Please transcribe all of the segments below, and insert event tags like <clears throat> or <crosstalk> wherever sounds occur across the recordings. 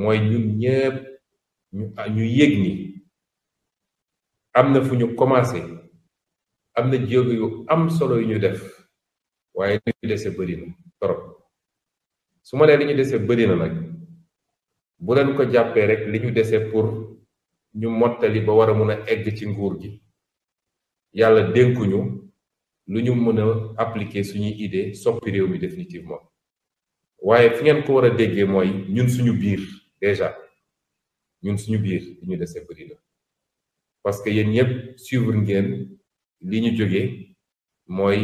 mooy ñun ñëpp ñu ñu yëg ni am na fu ñu commencé am na jéego yu am solo yu ñu def waaye li ñu dese bëri na torop su ma nee li ñu dese bëri na nag bu leen ko jàppee rek li ñu dese pour ñu mottali ba war a mun a egg ci nguur gi yàlla dénkuñu lu ñu mën a appliquer suñuy idée soppi réew mi définitivement waaye fi ngeen ko war a déggee mooy ñun suñu biir déjà ñun suñu biir li ñu dese bëri la parce que yéen ñëpp suivre ngeen li ñu jóge mooy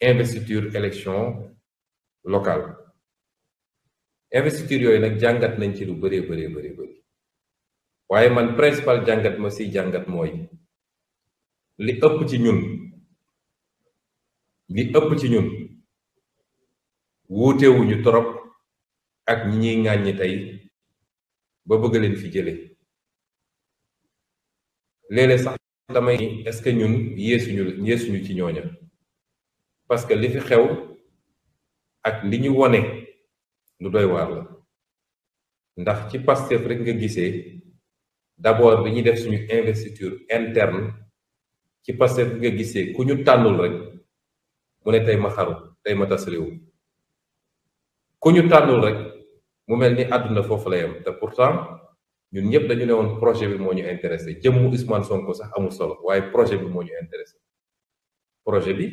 investiture élection locale investiture yooyu nag jàngat nañ ci lu bëree bëree bëri waaye man principal jàngat ma si jàngat mooy li ëpp ci ñun li ëpp ci ñun wuutewuñu torop ak ñi ñuy ŋàññi tey ba bëgg leen fi jëlee léeg-léeg sax damay est-ce que ñun yéesuñu yéesuñu ci ñooña parce que li fi xew ak li ñu wone lu doy waar la ndax ci Pastef rek nga gisee d'abord bi ñuy def suñu investiture interne ci Pastef nga gisee ku ñu tànnul rek mu ne tey ma xaru tey ma tas réew ku ñu tànnul rek mu mel ni àdduna foofu la yem te pourtant ñun ñëpp dañu ne woon projet bi moo ñu intéressé jëmmu Ousmane Sonko sax amul solo waaye projet bi moo ñu intéressé projet bi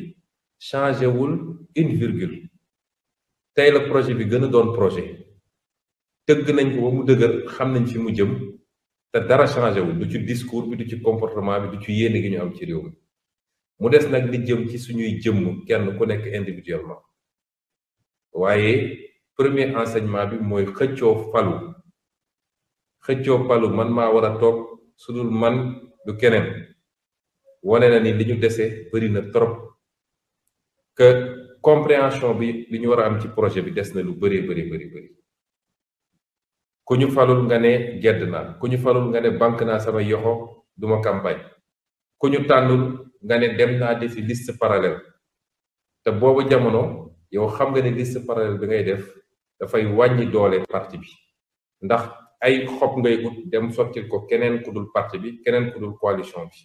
changé wul une virgule tey la projet bi gën a doon projet tëgg nañ ko mu dëgër xam nañ fi mu jëm te dara changé wul du ci discours bi du ci comportement bi du ci yéene gi ñu am ci réew mi mu des nag li jëm ci suñuy jëmm kenn ku nekk individuellement waaye. premier enseignement bi mooy xëccoo falu xëccoo falu man maa war a toog su dul man du keneen wane na ni li ñu desee bëri na trop que compréhension bi li ñu war a am ci projet bi des na lu bëree bëri bëri ku ñu falul nga ne gedd naa ku ñu falul nga ne banque naa sama yoxo duma campagne ku ñu tànnul nga ne dem naa defi liste parallèle te boobu jamono yow xam nga ne liste parallèle bi ngay def dafay wàññi doole parti bi ndax ay xob ngay ut dem sottil ko keneen ku dul parti bi keneen ku dul coalition bi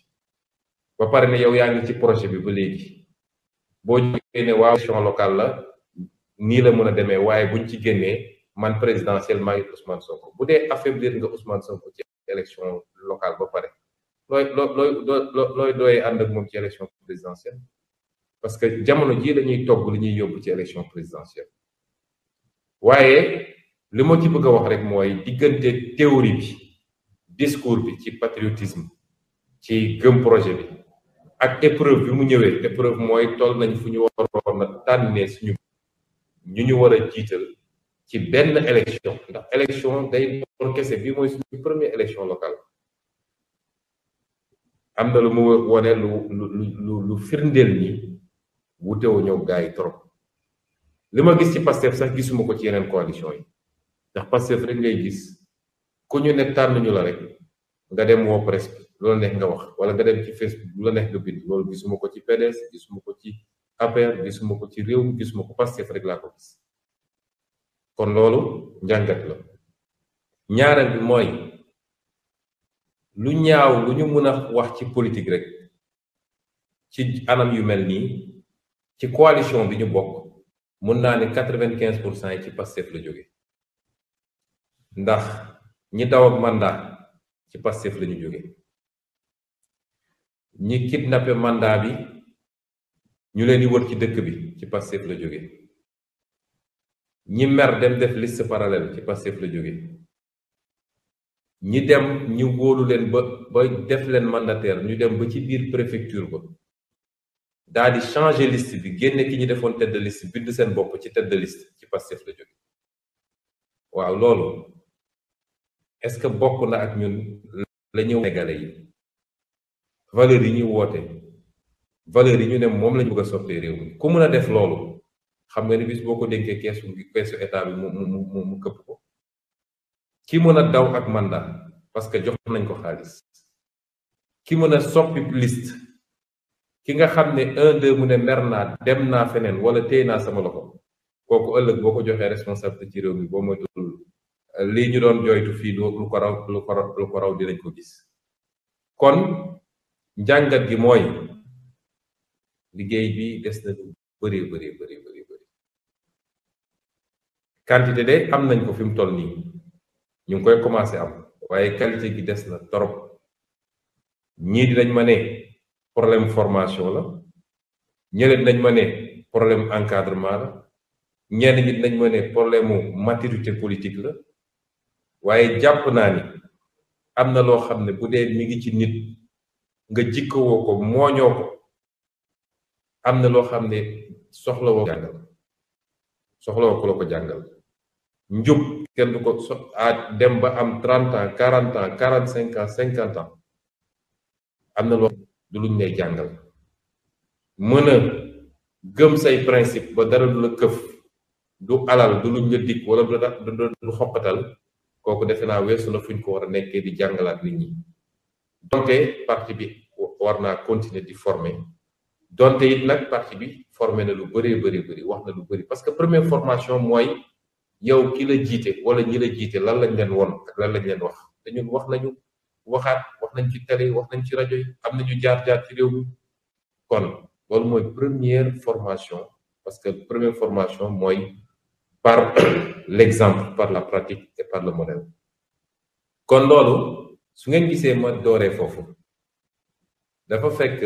ba pare ne yow yaa ngi ci projet bi ba léegi boo jógee ne waaw élection locale la nii la mën a demee waaye buñ ci génnee man présidentielle maa ngi Ousmane Sonko bu dee affaiblir nga Ousmane ko ci élection locale ba pare looy loo looy looy dooyee ànd ak moom ci élection présidentielle parce que jamono jii dañuy togg li ñuy yóbbu ci élection présidentielle waaye li ma ci bëgg a wax rek mooy diggante théorie bi discours bi ci patriotisme ci gëm projet bi ak épreuve bi mu ñëwee épreuve mooy toll nañu fu ñu waroon a tànnee suñu ñu ñu war a jiital ci benn élection ndax élection day doon kese bi mooy suñu première élection locale am na lu mu wone lu lu lu firndeel ni wutewuñoo gaa yi trop li ma gis ci Pastef sax gisuma ko ci yeneen coalition yi ndax Pastef rek ngay gis ku ñu ne tànn ñu la rek nga dem woo presse bi lu la neex nga wax wala nga dem ci Facebook lu la neex nga bind loolu gisuma ko ci PDS gisuma ko ci APR gisuma ko ci réew mi gisuma ko Pastef rek laa ko gis kon loolu njàngat la ñaareel bi mooy lu ñaaw lu ñu mën a wax ci politique rek ci anam yu mel nii ci coalition bi ñu bokk mun naa ni quatre vingt pour cent yi ci Pastef la jóge ndax ñi daw ak ci Pastef lañu jóge ñi kidnappé mandat bi ñu leen yi wër ci dëkk bi ci Pastef la jóge ñi mer dem def liste parallèle ci Pastef la jóge ñi dem ñi wóolu leen ba ba def leen mandataire ñu dem ba ci biir préfecture ko daa di changer list bi génne ki ñu defoon tête de liste bind seen bopp ci tête de liste ci Pastef la jóge waaw loolu est-ce que bokk na ak ñun la ñëw yi valeur yi ñuy woote valeur yi ñu ne moom la ñu bëgg réew mi ku mën a def loolu xam nga ni bis boo ko dénkee keesu keesu état bi mu mu mu mu këpp ko ki mën a daw ak mandat parce que jox nañ ko xaalis ki mën a soppi liste ki nga xam ne un deux mu ne mer naa dem naa feneen wala tey naa sama loxo kooku ëllëg boo ko joxee responsabilité ci réew mi boo moytuwul lii ñu doon jooytu fii du lu ko raw lu ko lu ko raw dinañ ko gis kon njàngat gi mooy liggéey bi des na lu bëree bëree bëri bëri de am nañ ko fi mu toll nii ñu ngi koy commencé am waaye qualité gi des na torop ñii dinañ ma ne problème formation la ñeneen nañ ma ne problème encadrement la ñenn ñi nañ ma ne problème mu maturité politique la waaye jàpp naa ni am na loo xam ne bu dee mi ngi ci nit nga jikkowoo ko mooñoo ko am na loo xam ne soxlawoo ko jàngal soxlawoo ko la ko jàngal njub kenn du ko so dem ba am trente ans quarante ans cinquante ans am na loo du luñ ne jàngal mën a gëm say principe ba dara du la këf du alal du luñ la dikk wala du du xoppatal kooku defee naa weesu na fuñ ko war a nekkee di jàngalaat nit ñi donte parti bi war naa continuer di former donte it nag parti bi formé na lu bëree bëri bëri wax na lu bëri parce que première formation mooy yow ki la jiite wala ñi la jiite lan lañ leen woon ak lan lañ leen wax te wax nañu waxaat wax nañ ci télé wax nañ ci rajo yi am ñu jaar-jaar ci réew mi kon loolu mooy première formation parce que première formation mooy par <clears throat> l'exemple par la pratique et par le modèle kon loolu su ngeen gisee ma dooree foofu dafa fekk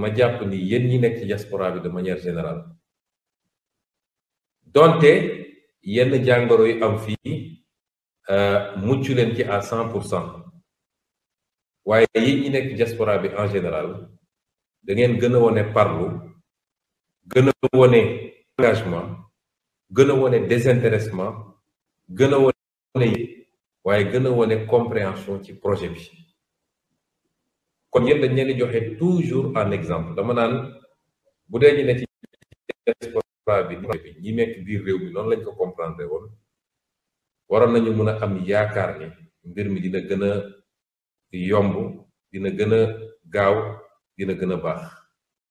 ma jàpp ni yéen ñi nekk ci diaspora bi de manière générale donte yenn jàngoro yi am fii euh, mucc leen ci à cent pour cent waaye yéen ñi nekk diaspora bi en général da ngeen gën a wone parlu gën a wone engagement gën a wone désintéressement gën a wone waaye gën a wone compréhension ci projet bi kon yéen dañ leen di joxe toujours en exemple dama naan bu dee ñu ne ci diaspora bi ñi nekk biir réew mi noonu lañ ko comprendre woon waroon nañu mën a am yaakaar ni mbir mi dina gën a i yomb dina gën a gaaw dina gën a baax